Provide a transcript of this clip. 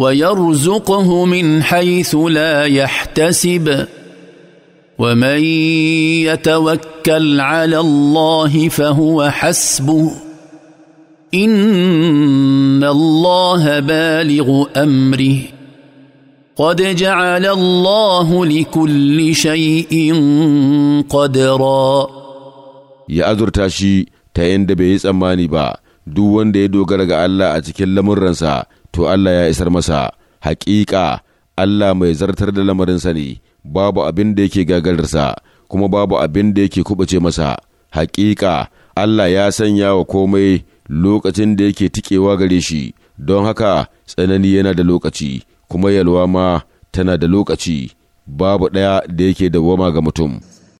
ويرزقه من حيث لا يحتسب ومن يتوكل على الله فهو حسبه ان الله بالغ امره قد جعل الله لكل شيء قدرا يا أدر تاشي تاين دبيس أماني با دو وان دي دو غرق الله أتكلم الرنسا to Allah ya isar masa hakika Allah mai zartar da lamarinsa ne babu abin da yake gagararsa kuma babu abin da yake kubace masa hakika Allah ya sanya wa komai lokacin da yake tikewa gare shi don haka tsanani yana da lokaci kuma yalwa ma tana da lokaci babu ɗaya da yake wama ga mutum.